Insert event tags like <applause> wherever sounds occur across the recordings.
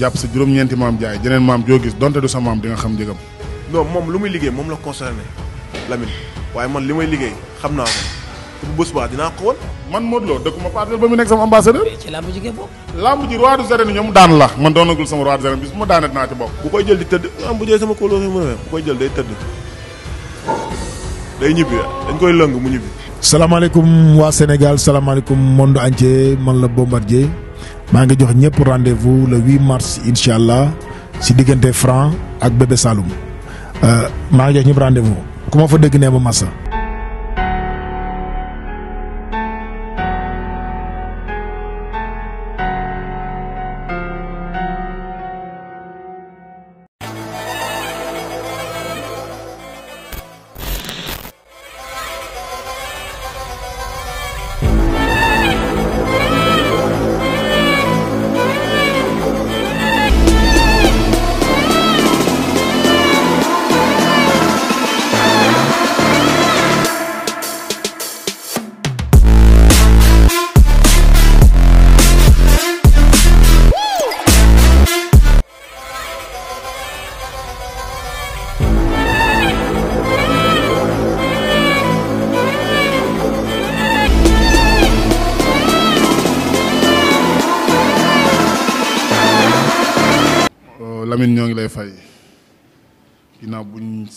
jàpp sa juróom-ñeenti maam jaay jeneen maam joo gis donte du sa maam di nga xam njëgam. non moom lu muy liggéey moom la concerné Lamine waaye man li may liggéey xam naa ko te bu bés baa dinaa xool wan. man Modou Lo dëkku ma parcelle ba mu nekk sama ambassadeur. ci lamb ji ngeen bokk. lamb ji roi des arènes ñoom daan la man doonagul sama roi des arènes bis bu ma daanet naa ci bokk. bu koy jël di tëdd am mu jël day tëdd day ñibbi dañ koy lëng mu ñibbi. salaamaaleykum waa Sénégal salaamaaleykum monde entier man la Bombardier maa ngi jox ñëpp rendez-vous le 8 mars incha allah si diggante Franc ak Bébé Saloum euh, maa ngi jox ñëpp rendez ku ma fa dégg nee ba massa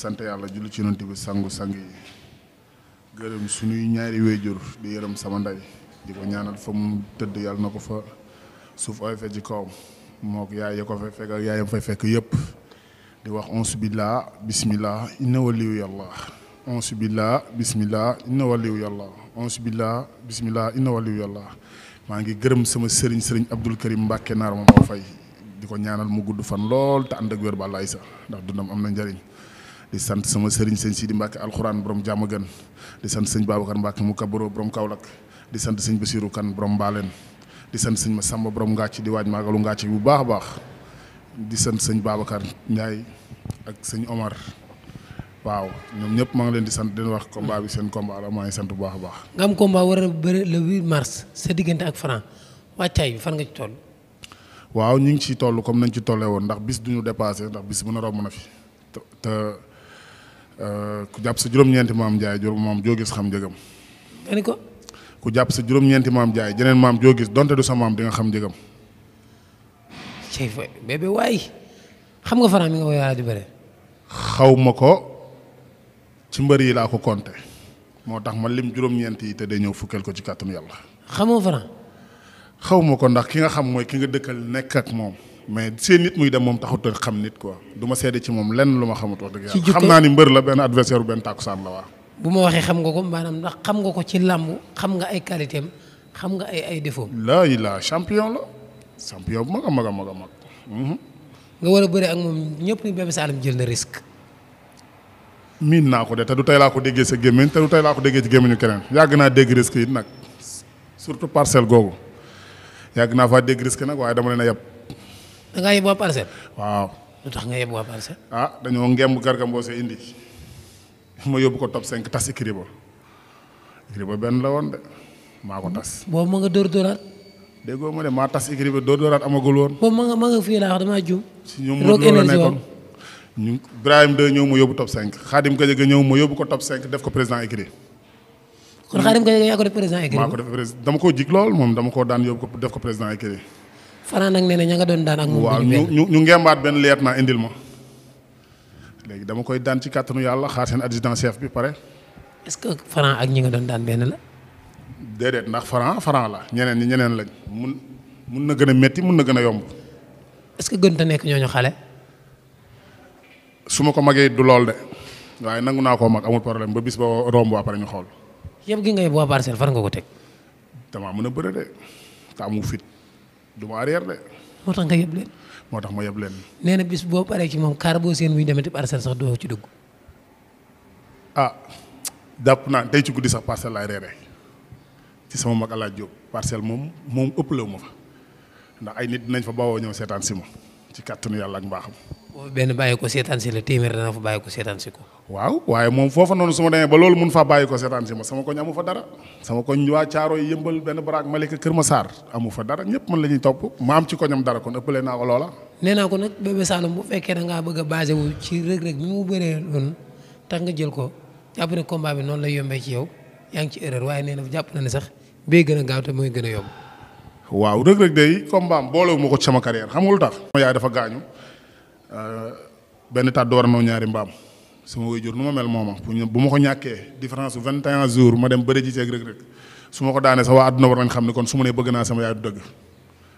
sant yàlla julli ci yonent bi sangu sang yi gërëm suñuy ñaari wéejur di yërëm sama ndey di ko ñaanal fa mu tëdd yàlla na ko fa suuf ay fe ci kawam moo ko yaay ya ko fa fekk ak yaayam fay fekk yëpp di wax onsu billah bismillah inna waliyu yàlla onsu billah bismillah inna waliyu yàlla maa ngi gërëm sama sëriñ sëriñ Abdul Karim Mbàkke naar ma moo fay di ko ñaanal mu gudd fan lool te ànd ak wér ba lay ndax dundam am na njariñ di sant sama sëriñ sëñ Sidi Mbacke alxuraan borom jàmm gën di sant sëñ Babacar Mbacke mu kaboro borom Kaolack di sant sëñ Basiru Kan borom Mbaaleen di sant sëñ Masamba borom Ngàcc di waaj maagalu Ngàcc bu baax a baax di sant sëñ Babacar Ndiaye ak sëñ Omar waaw ñoom ñëpp maa ngi leen di sant di wax combat bi seen combat ngi sant bu baax a baax. nga am combat war a bëri le 8 mars sa diggante ak Franc wàccaay bi fan nga ci toll. waaw ñu ngi ciy toll comme nañ ci tollee woon ndax bis duñu dépassé ndax bis bu na romb na fi Euh, ku jàpp sa juróom-ñeenti maam Ndiaye juróom maam joo gis xam njëgam. ko. ku jàpp sa juróom-ñeenti maam Ndiaye jeneen maam joo gis donte du sa maam di nga xam njëgam. cey nga Franc mi nga woyaale di bëre. xaw ma ko ci mbër yi laa ko compter moo tax ma lim juróom-ñeent yi te day ñëw fukkeel ko ci kàttanu yàlla. xamoo Franc. xaw ma ko ndax ki nga xam mooy ki nga dëkkal nekk ak moom. mais seen nit muy dem moom taxut xam nit ko du ma seede ci moom lenn lu ma xamut wax dëgg yàlla xam naa ni mbër la benn adversaire bu benn tàkkusaan la waa bu ma waxee xam nga ko maanaam ndax xam nga ko ci làmb xam nga ay qualité am xam nga ay ay défaut la la champion la champion bu mag a mag a mag a mhm. nga war a bëri ak moom ñëpp ni Bébé Saloum jël na risque miin naa ko de te du tey laa ko déggee sa gémmiñ te du tey laa ko déggee ci gémmiñu keneen yàgg naa dégg risque yi nag surtout parcelle googu yàgg naa faa dégg risque waaye dama leen a da ngaa yeb waa parcelle. waaw lu tax nga yeb waa parcelle. ah dañoo ngemb Garga indi ma yóbbu ko top 5 tas Ikri ba Ikri ba benn la woon de maa ko tas. ma nga dóor dóoraat. ma ne maa tas Ikri amagul woon. boobu ma nga ma nga fii laa ñu Ibrahima de ñëw ma yóbbu top 5 Xaadim Gadiaga ñëw ma yóbbu ko top 5 def ko président Ikri. kon Xaadim koo jig lool moom dama koo daan yóbbu ko def ko président Ikri. Franc nag nee na ña nga doon daan ak moom. waaw ñu ñu ñu ngembaat benn leet naa indil ma. léegi dama koy daan ci kàttanu yàlla xaar seen adjudant chef bi pare. est-ce que Franc ak ñi nga doon daan benn la. déedéet ndax Franc Franc la ñeneen ñi ñeneen lañ mun mun na gën a métti mun na gën a yomb. est-ce que gën ta nekk ñooñu xale. su ma ko magee du lool de waaye nangu naa koo mag amul problème ba bis ba romb après ñu xool. yëpp gi ngay bu waa parcelle far nga ko teg. damaa mën a bëre de te du ma arrière de. moo tax nga yeb leen. moo tax ma yeb leen. nee na bis boo paree ci moom kaar boo seen muy demati parcelle sax doo ci dugg. ah jàpp naa tey ci guddi sax parcelle lay reere ci sama mag alaaj Jóob parcelle moom moom ëpp ëppalewu ma fa ndax ay nit nañ fa bawoo ñëw seetaan si ma ci kàttanu yàlla ak mbaaxam. benn bàyyi ko seetaan si la téeméer dana fa bàyyi ko seetaan si ko. waaw waaye moom foofa noonu su ma demee ba loolu mun faa bàyyi ko seetaan si ma sama koñ amu fa dara. sama koñ waa Caaro yëmbal benn baraag Malika Kër Massar amu fa dara ñëpp man la ñuy topp ma ci koñam dara kon ëppale naa ko loola. nee naa ko nag Bébé Saloum bu fekkee da ngaa bëgg a basé wu ci rëg-rëg bi mu bëree woon tax nga jël ko jàpp ne combat bi noonu la yombee ci yow yaa ngi ci erreur waaye nee na jàpp na ne sax bee gën a gaaw te mooy gën a yomb. waaw rëg-rëg day combat boolewuma ko ci sama carrière xamul tax. yaay dafa gaañu benn tàddu war na ñaari mbaam sama waajur nu ma mel mooma pour bu ma ko ñàkkee différence bu en jours ma dem bëri ji ceeg rek rek su ma ko daanee sax waa àdduna war nañ xam ne kon su nee bëgg naa sama yaay du dëgg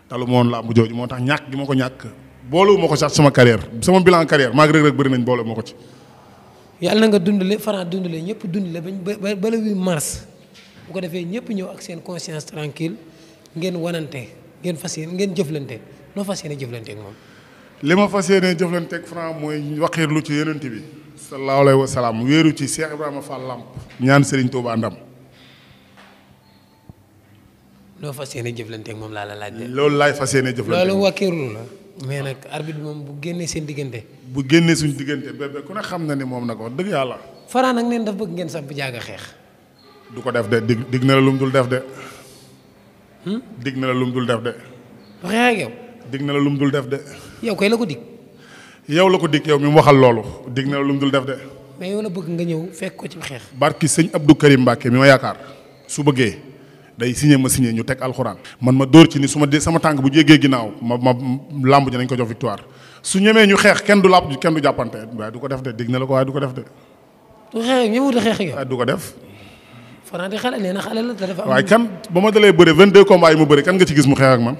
talu ma woon làmb jooju moo tax ñàkk gi ma ko ñàkk boolewuma ma ko sax sama carrière sama bilan carrière maa ngi rek rek bëri nañ boole ko ci. yàlla na nga dundale Franc dundale ñëpp dundale ba ba le 8 mars bu ko defee ñëpp ñëw ak seen conscience tranquille ngeen wanante ngeen fas yéene ngeen jëflante fas yéene jëflante ak moom. li ma fas yéene jëflanteeg Franc mooy waxiirlu ci yonent bi sallallahu alayhi wa salaam wéeru ci Cheikh Ibrahima Fall Lamp ñaan Serigne Touba Ndam. loo fas yéene jëflanteeg moom laa la laaj de. loolu laay fas yéene jëflanteeg loolu wakiirlu la. mais nag arbitre moom bu génnee seen diggante. bu génnee suñu diggante bébé ku ne xam na ni moom nag wax dëgg yàlla. Franc nag neen daf bëgg ngeen sax bu jaaga xeex. du ko def de dig na la lum dul def de. dig na la lum dul def de. Hmm? waxee ak yow. def de. yow kay la ko dig. yow la ko dig yow mi mu waxal loolu dig na lu mu dul def de. mais yow la bëgg nga ñëw fekk ko ci xeex. barki sëñ Abdou Karim Mbacke mi ma yaakaar su bëggee day signé ma signé ñu teg alxuraan. man ma door ci ni su ma dee sama tànk bu jéggee ginnaaw ma ma làmb ji nañ ko jox victoire su ñemee ñu xeex kenn du làpp kenn du jàppante waaye du ko def de dig na la ko waaye du ko def de. du xeex ñëwut ko def. Franc di xale nee na xale la dafa am. waaye kan ba ma dalee bëre 22 combats yi mu bëre kan nga ci gis mu xeex ak man.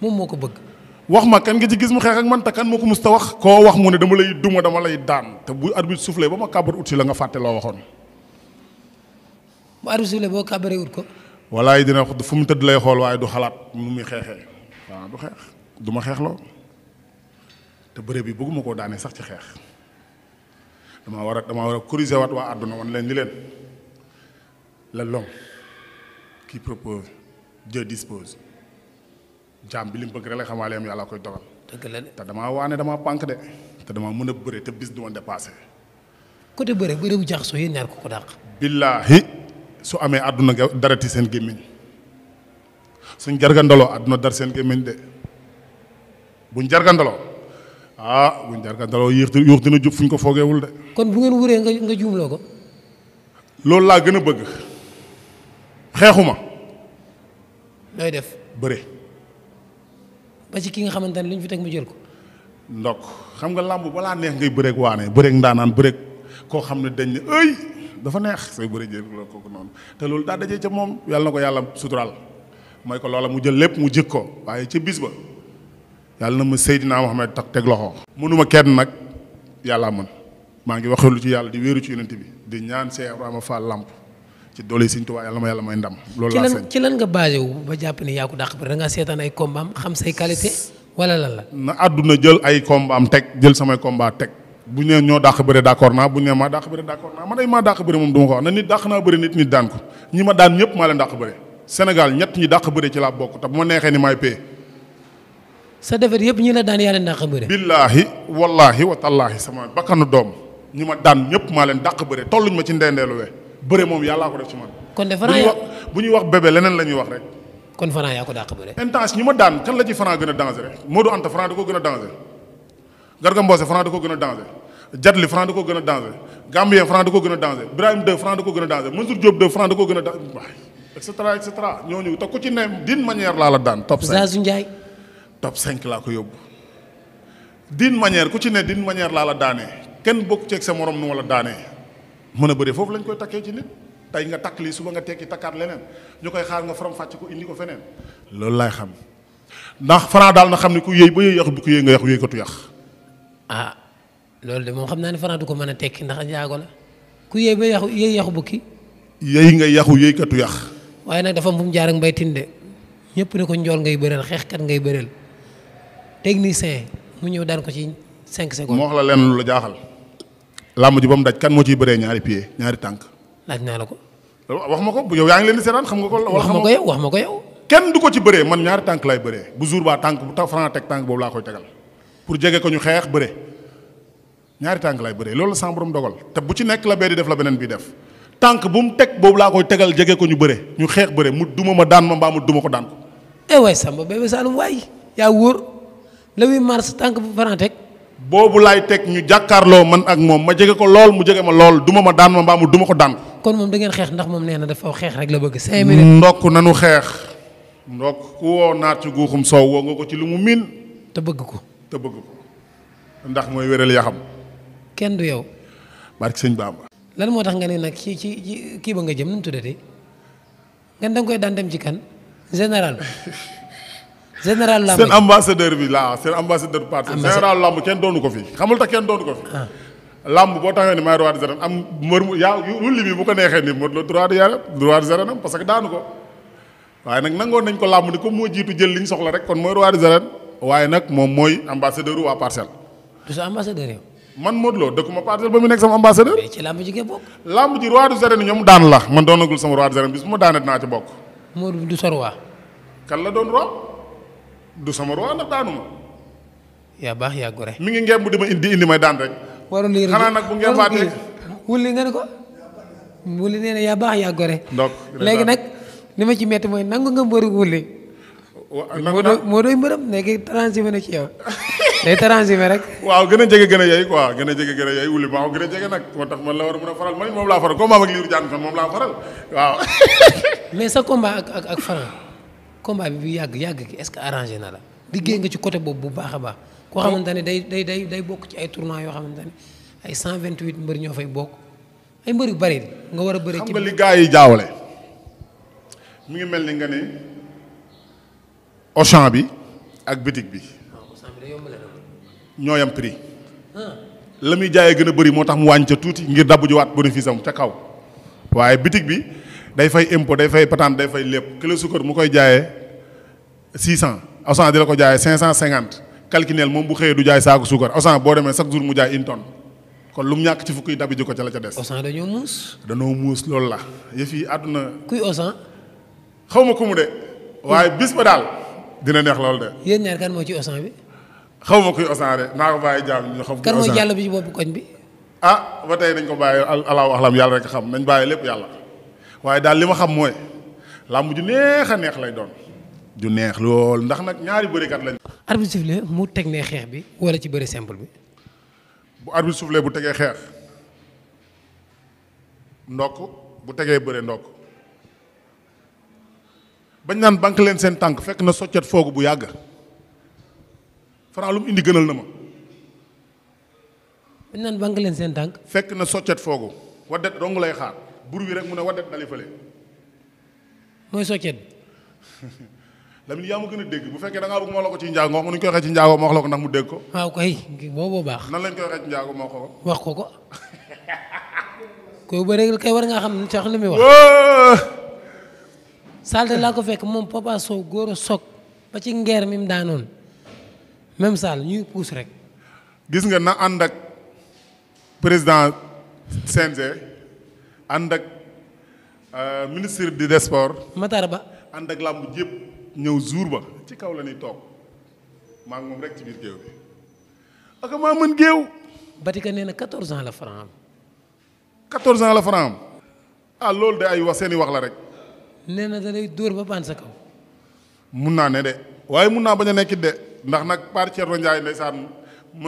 moom moo ko bëgg. wax ma kan nga ci gis mu xeex ak man te kan moo ko mus ta wax koo wax mu ne dama lay duma dama lay daan te bu arbitre soufflé ba ma kàbbar ut si la nga fàtte loo waxoon. bu arbitre soufflé boo kàbbaree ko. walaay dina fu mu tëdd lay xool waaye du xalaat mu muy xeexee waaw du xeex duma xeex loo te bërëb yi bëgguma koo daanee sax ci xeex damaa war a damaa war a corriger waat waa àdduna wan leen ni leen la l'homme kii propose Dieu dispose. jaam bi li mu bëgg rek la xamaale am yàlla koy dogal. dëgg la de te damaa waane damaa pànk de te damaa mën a bëre te bis du ma dépassé. côté bëre bëre bu jaxasoo yéen ñaar ko ko dàq. billaahi su amee àdduna darati seen gémmiñ suñ jargandaloo àdduna dar seen gémmiñ de buñ jargandaloo ah buñ jargandaloo yéex yuux dina jub fuñ ko foogeewul de. kon bu ngeen wuree nga nga juumloo ko. loolu laa gën a bëgg xeexu ma nooy def bëre. ba ci ki nga xamante ne lu ñu fi teg mu jël ko. ndok xam nga làmb balaa neex ngay bëreeg waane bëreeg ndaanaan bëreeg koo xam ne dañ ne ay dafa neex say bëre jël ko kooku noonu te loolu daa dajee ca moom yàlla na ko yàlla suturaal mooy ko loola mu jël lépp mu jëkk ko waaye ca bis ba yàlla na ma Seydina Mohamed tax teg loxo. mënuma kenn nag yàllaa mën maa ngi wax lu ci yàlla di wéeru ci yonent bi di ñaan Cheikh Ibrahima Fall làmp ci doole Sëriñ Tuubaa yàlla ma yàlla may ndam. loolu laa sëñ ci lan nga basé ba jàpp ni yaa ko dàq da ngaa seetaan ay combat xam say qualité wala lan la. na àdduna jël ay combat teg jël samay combat teg bu ñu nee ñoo dàq bëre d'accord naa bu ñu nee maa dàq bëre d'accord naa man ay maa dàq bëre moom du ma ko wax na nit dàq naa bëre nit nit daan ko ñi ma daan ñëpp maa leen dàq bëre Sénégal ñett ñi dàq bëre ci laa bokk te bu ma neexee ni maay pay sa defet yëpp ñi la daan yaa leen dàq bëre bëre moom yàllaa ko def ci man. kon de bu ñuy wax bébé leneen la ñuy wax rek. kon Franc yaa ko dàq bëre. intense ñu ma daan kan la ci Franc gën a danger Modou Anta Franc da ko gën a danger. Garga Mbossé Franc ko gën a danger. Jadli Franc da ko gën a danger. Gambien Franc da ko gën a danger Ibrahima Deux Franc da ko gën a danger Mansour Diop Deux Franc da ko gën a danger et cetera et cetera ñooñu te ku ci ne d'une manière laa la daan. top 5 Zazu Ndiaye. top 5 laa ko yóbbu. d'une manière ku ci ne d'une daanee kenn bokk ceeg sa morom nu la daanee mën a bëre foofu lañ koy takkee ci nit tey nga takk lii suba nga tekki takkaat leneen ñu koy xaar nga faram fàcc ko indi ko feneen loolu lay xam ndax Franc daal na xam ne ku yëy ba yëy yàq bu nga yàq yëy ko tu ah loolu de moom xam naa ne Franc du ko mën a tekki ndax njaago la ku yëy ba yàqu yëy yàqu bukki yëy nga yàqu yëy katu yàq waaye nag dafa am fu mu jaar ak Mbaye de ñëpp ne ko njool ngay xeex xeexkat ngay bëreel technicien mu ñëw daan ko ci cinq secondes moo wax la leen lu la jaaxal làmb ji ba mu daj kan moo ciy bëree ñaari pied ñaari tànk. laaj naa la ko. wax ma ko bu yow yaa ngi leen di seetaan nga ko. wax ma ko yow wax ma ko yow. kenn du ko ci bëree man ñaari tànk lay bëree bu jour ba tànk bu Franc teg tànk boobu laa koy tegal pour jege ko ñu xeex bëre ñaari tànk lay bëree loolu la sama borom te bu ci nekk la bee def la beneen bi def tànk bu mu teg boobu laa koy tegal jege ko ñu bëre ñu xeex bëre mu duma ma daan ma mbaa mu duma ko daan ko. eh waay Samba Bébé Saloum waay yaa wóor le 8 mars tànk bu Franc teg boobu laay teg ñu jàkkarloo man ak moom ma jege ko lool mu jege ma lool duma ma daan ma mbaa mu duma ko daan. kon moom da ngeen ndax moom nee na dafa xeex la bëgg. cinq minutes ndokk nanu xeex. ndokk ku naat ci guuxum soow woo nga ko ci lu mu miin. te bëgg ko te bëgg ndax mooy wéral yaxam kenn du yow. barke sëñ Bamba. moo tax nga ne nag ci ci kii ba nga jëm nu mu tuddati nga da nga koy daan dem ci kan général <laughs> général Lamb seen ambassadeur bi laa seen ambassadeur parti général Lamb kenn doonu ko fi xamul tax kenn doonu ko fi. Ah. Lamb boo taxee ni maay droit de am ko neexee parce que daanu ko waaye nag nangoon nañ ko làmb ni comme moo jiitu jël li ñu soxla rek kon mooy droit de moom mooy ambassadeur waa parcelle. du sa ambassadeur yow. man Modou dëkkuma parcelle ba mu nekk sama ambassadeur. mais ci làmb ji nga bokk. làmb ji ma daanee dinaa ci bokk. Modou du sa roi. la doon roi. du sama roi nag daanu yaa baax yaa gore. mi ngi ngemb di ma indi indi may daan rek. waroon nañu xanaa nag bu ngembaatee. wulli nga wulli nee na yaa baax donc léegi nag li ma ci metti mooy nangu nga mbëri wulli. moo doy moo doy mbërëm léegi transhumé gën a jege gën a yey quoi gën a jege gën a yey wulli maa a nag moo tax man la war a a faral man moom laa faral comme maam ak liiru jaan moom laa faral waaw. <laughs> mais sa combat ak ak ak faral. combat bi bu yàgg yàgg gi est-ce que arrangé na la. liggéey nga ci côté boobu bu baax a baax. koo xamante ne day day day day bokk ci ay tournois yoo xamante ne ay 128 mbër ñoo fay bokk ay mbër yu bari nga war a bëri. xam nga li gars yi jaawale. ngi mel ni nga ne Auchan bi ak bitig bi. ñoo yam prix. Ah. la muy jaayee gën a bëri moo tax mu wàññi ca tuuti ngir dabb jiwaat bénéfice am ca kaw. waaye bitig bi. day fay impo day fay patente day fay lépp kilo suukar mu koy jaayee 600 Auchan di la ko jaayee 550 calculeel moom bu xëyee du jaay saaku suukar Auchan boo demee chaque jour mu jaay une kon lu mu ñàkk ci fukki dabi ji ko ca la ca des. Auchan dañoo muus. dañoo muus loolu la yëf yi àdduna. kuy Auchan. xaw ma ku mu de. waaye bis ba daal dina neex loolu de. yéen ñaar moo ci Auchan bi. xaw ma kuy Auchan de naa ko bàyyi jaam ñu xam. kan mooy jàll bi ci boppu koñ bi. ah ba tey dañ ko rek xam nañ bàyyi lépp yàlla. waaye daal li ma xam mooy làmb ju neex a neex lay doon ju neex lool ndax nag ñaari bërikat lañ. arbitre mu teg ne xeex bi wala ci bëri simple bi. bu arbitre soufflé bu tegee xeex ndokk bu tegee bëre ndokk bañ naan banque leen seen tànk fekk na soccet foogu bu yàgg Franc lu mu indi gënal na ma. bañ naan banque leen seen tànk. fekk na soccet foogu waddet dong lay xaar. bur wi rek mu na waddat dali fële. mooy soccet bi. <laughs> Lamine yaa ma gën a dégg bu fekkee da ngaa moo la ko ci njaago mu ñu koy waxee ci njaago wax la ko ndax mu dégg ko. waaw kay boobu baax. nan lañ koy waxee ci njaago ma wax ko. wax ko ko. <laughs> koy bëri kay war ngaa xam ne sax li muy wax. salte laa ko fekk moom Papa Sow góor a soog ba ci ngeer mi daanoon même Sall ñuy puus rek. gis nga na ànd ak président CNG. ànd ak euh, ministre du sport. Matar Ba ànd ak làmb jépp ñëw jour ba ci kaw la ñuy toog maa rek ci biir géew bi ak maa mën géew. Batika nee na 14 la franc am. 14 la franc am. ah loolu de ay wax seen wax la rek. nee na da lay dóor ba baan sa kaw. mun naa ne de waaye mun naa bañ a nekkit de ndax nag par Thierno ma ndeysaan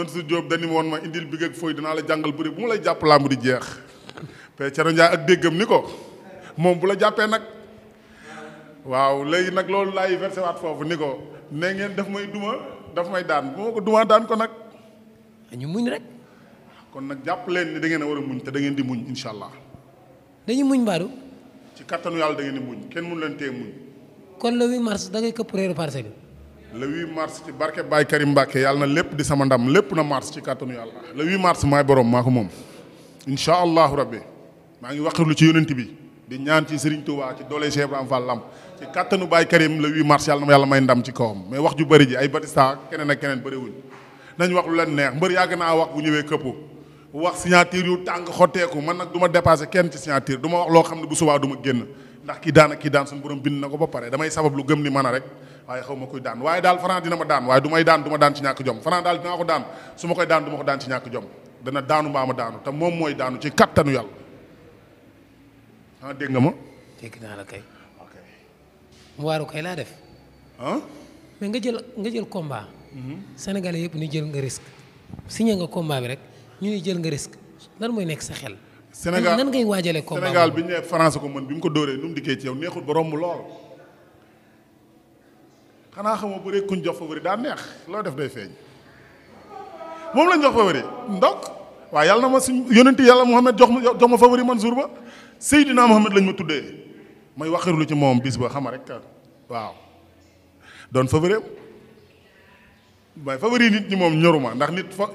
su Diop dañu woon ma indil big ak fooy dinaa la jàngal bëri bu ma lay jàpp làmb di jeex. Thierno Ndiaye ak déggam ni ko moom bu la jàppee nag waaw léegi nag loolu laay versé waat foofu ni ko ne ngeen daf may duma daf may daan bu ma ko duma daan ko nag. ñu muñ rek. kon nag jàpp leen ni da ngeen war a muñ te da ngeen di muñ incha allah. dañu muñ Badou. ci kattanu yàlla da ngeen di kenn mënu leen tee kon le 8 mars da ngay këpp réeru parcelle bi. le 8 mars ci barke Baye Karim Mbacke yàlla na lépp di sama ndam lépp na mars ci kattanu yàlla le 8 mars maay borom maa ko moom incha allahu rabbi maa ngi waxirlu ci yonent bi di ñaan ci Serigne Touba ci doole Cheikh Ibrahima Fall Lamp ci kattanu Baye Karim le 8 mars yàlla may ndam ci kawam mais wax ju bëri ji ay Batista keneen ak keneen bëriwuñ nañ wax lu leen neex mbër yàgg naa wax bu ñëwee këpp wax signature yu tàng xotteeku man nag du ma kenn ci signature du ma wax loo xam ne bu subaa du ma génn ndax kii daan ak daan suñu borom bind na ko ba pare damay sabab lu gëm ni mën a rek waaye xaw ma koy daan waaye daal Franc dina ma daan waaye du may daan du ma daan ñàkk jom Franc daal dinaa ko daan su ma koy daan du ma ko daan ci moom mooy daanu ci kattanu yàlla ah dégg nga ma. dégg naa la kay. ok. waaru kay laa def. Ah? mais nga jël nga jël combat. Mhm. Sénégalais yëpp ni jël nga risque. signé nga combat bi rek ñu ni jël nga risque lan mooy nekk sa xel. Sénégal nan ngay waajalee combat Sénégal bi ñu ne France ko mën bi mu ko dóoree nu mu dikkee ci yow neexul ba romb lool. xanaa xamoo bëree kuñ jox favori daa neex loo def day feeñ moom lañ jox favori ndok waaw yàlla na ma suñ yónenti yàlla Mouhamed jox ma jox ma favori man jour ba Seydina Mohamed lañ ma tuddee may waxirlu ci moom bis ba xama rek waaw doon favori waaye favori nit ñi moom ñoruma ndax nit fa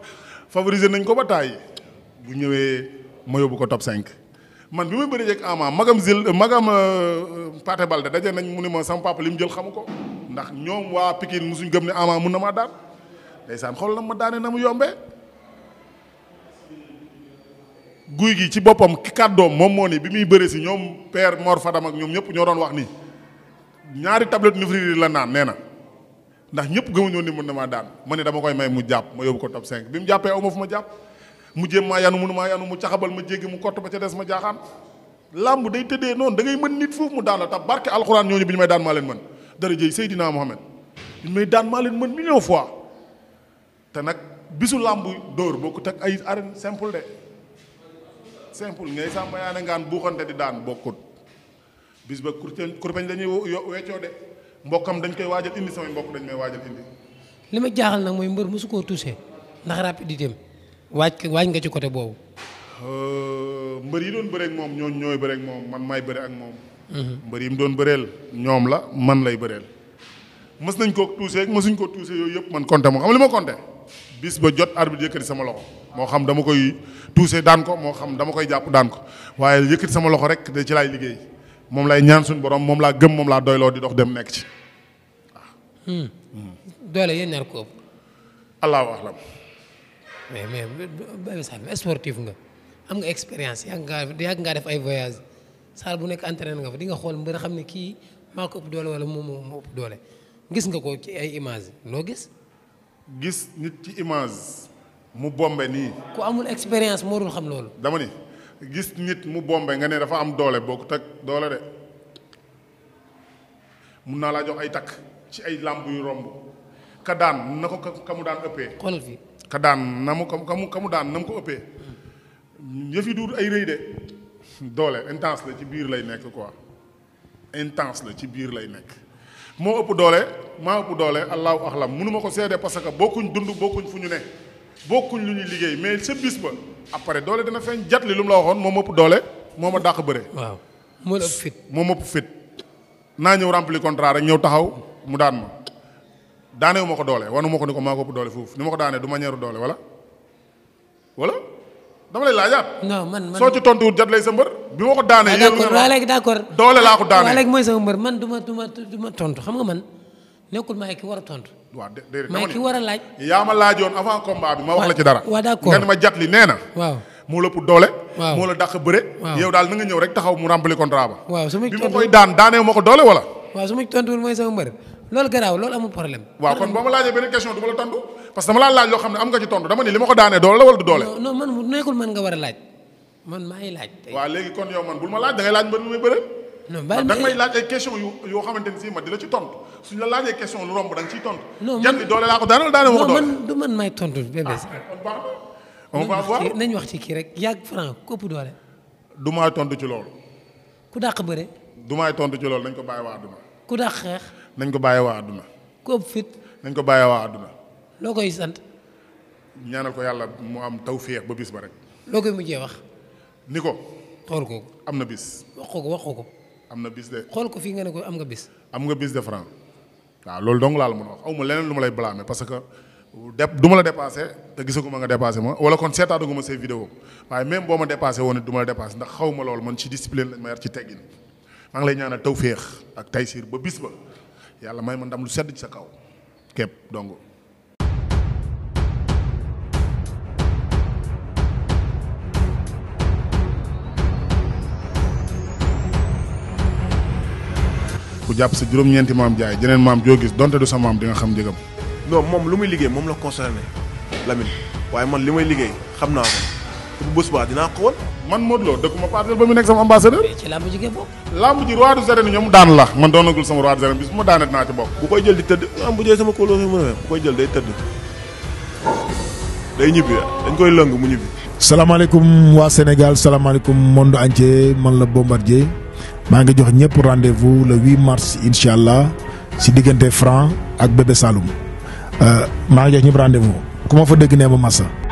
favoriser nañ ko ba tàyyi bu ñëwee ma yóbbu ko top 5 man bi may bëri jeeg ama magam zil magam euh, euh, Paate Balde daje nañ mu ne ma sama papa li mu jël xamu ko ndax ñoom waa mu suñ gëm ne ama mun na maa daan ndeysaan xool na ma daane na mu yombe guy gi ci boppam ki kàddoom moom moo ni bi muy bëri si ñoom père Mor Fadam ak ñoom ñëpp ñoo doon wax ni ñaari tablette Nifiri la naan nee na ndax ñëpp gëmuñoon ni mën na maa daan ma ne dama koy may mu jàpp ma yóbbu ko top 5 bi mu jàppee aw ma fu ma jàpp mu jéem maa yanu mënu maa yanu mu caxabal ma jéggi mu kott ba ca des ma jaaxaan làmb day tëddee noonu da ngay mën nit foofu mu daan la tax barke alxuraan ñooñu bi ñu may daan maa leen mën dara jëy Seydina Mohamed bi ñu may daan maa leen mën million fois te nag bisu làmb dóor bokkut ak ay arène simple simple ngay sàmba yaa ne ngaan buuxante di daan bokkut bis ba kurpeñ kurpeñ dañuy weccoo de mbokkam dañ koy waajal indi samay mbokk dañ may waajal indi li ma jaaxal nag mooy mbër mosu koo touché ndax rapidité waaj waaj nga ci côté boobu euh, mbër yi doon bëreek moom ñooñ ñooy bëreek moom man maay bëre ak moom mhm. mbër yi mu doon bëreel ñoom la man lay bëreel mës nañ koo touché ak mësuñ koo touché yooyu yëpp man compté moo xam li ma compté bis ba jot arbitre yëkkati sama loxo moo xam dama koy touché daan ko moo xam dama koy jàpp daan ko waaye yëkkati sama loxo rek de ci laay liggéey moom lay ñaan suñu borom moom laa gëm moom laa doyloo di dox dem nekk ci waaw. Hmm. Hmm. doole yéen ñaar ko ëpp. allahu alam. mais mais Sall sportif nga am nga expérience yàgg ngaa yàgg ngaa def ay voyage saal bu nekk entraîné nga fa di nga xool mbir xam ne kii maa ko ëpp doole wala moom moo ëpp doole gis nga ko ci ay image loo gis. gis nit ci image mu bombe nii. ku amul expérience moo dul xam loolu. dama ni gis nit mu bombe nga ne dafa am doole boo ko ak doole de mun naa laa jox ay takk ci ay làmb yu romb ka daan na ko ka mu daan ëppee. xoolal fi ka daan na mu ka mu ka mu daan na mu ko ëppee yëf yi ay rëy de doole intense la ci biir lay nekk quoi intense la ci biir lay nekk. moo ëpp doole maa ëpp doole allahu axlam mënuma ko seede parce que bokkuñ dund bokkuñ fu ñu ne bokkuñ lu ñuy liggéey mais sa bis ba après doole dina feeñ jat lu mu la waxoon moom ëpp doole moo ma dàq bëre. waaw moo ëpp fit moom ëpp fit naa ñëw rempli contrat rek ñëw taxaw mu daan ma daanee wu ko doole wanu ma ko ni ko maa ko ëpp doole foofu ni ma ko daanee du ma ñeeru doole wala wala dama lay laajaat. non soo ci tontuwul jat sa mbër. bi ma ko daanee. yéen a waaw léegi d' accord doole daanee ma du ma du ma a tontu. waaw déedéet maa ki a laaj. yaa ma laajoon avant combat bi ma wax la ci dara. waaw d' accord nga ne ko doole la tontu la du doole. non man nekkul man nga war a laaj man maay laaj. waa léegi kon yow man bul ma laaj da ngay laaj mbër mi muy bëre. non bàyyi ma laaj ay question yu yoo xamante ni si ma dina ci tontu suñu la laajee question lu romb da nga ciy tontu. non man doole laa ko daanaka daanaka ma ko doole. non man du man maay tontu bébé. Ah, eh, on va voir nañ wax ci kii rek yàgg franc képp doole. du maay tontu ci loolu. ku dàq bëre. du maay tontu ci loolu nañ ko bàyyi waa àdduna. ku dàq xeex. ko bàyyi waa àdduna. ku ëpp fit. nañ ko bàyyee waa àdduna. loo koy sant. ñaanal ko yàlla mu am tawféex ba bis ba rek. loo koy mujjee wax. ni ko. xool ko am na bis. wax ko wax ko ko. am na bis de. xool ko fii nga ne ko am nga bis. am nga bis de franc waaw loolu dong laa la mën a wax aw ma leneen lu ma lay blâmer parce que de du ma la dépassé te ma nga dépassé ma wala kon seetaataguma say vidéo waaye même boo ma dépassé woon it du ma la dépassé ndax xaw ma loolu man ci discipline lañ ma yar ci teggin maa ngi lay ñaanal tawféex ak taysiir ba bis ba yàlla may ma ndam lu sedd ci sa kaw képp ku jàpp sa juróom-ñeenti maam jaay jeneen maam joo gis donte du sa maam di nga xam njëgam. non moom lu muy liggéey moom la concerné Lamine waaye man li may liggéey xam naa ko bu bés baa dinaa ko won man Modou Lo ma parcelle ba mu nekk sama ambassadeur. ci làmb ji ngeen bokk. làmb ji roi des arènes ñoom daan la man doonagul sama roi des arènes bis bu ma daanet naa ci bokk. bu koy jël di tëdd am bu jëlee sama kóoloo mën a bu koy jël day tëdd dañ koy lëng mu ñibbi. salaamaaleykum waa Sénégal salaamaaleykum monde entier man la Bombardier maa ngi jox ñëpp rendez-vous le 8 mars incha allah si diggante Franc ak Bébé Saloum euh, maa ngi jox ñëpp rendez-vous ma fa dëgg nee ba Massa.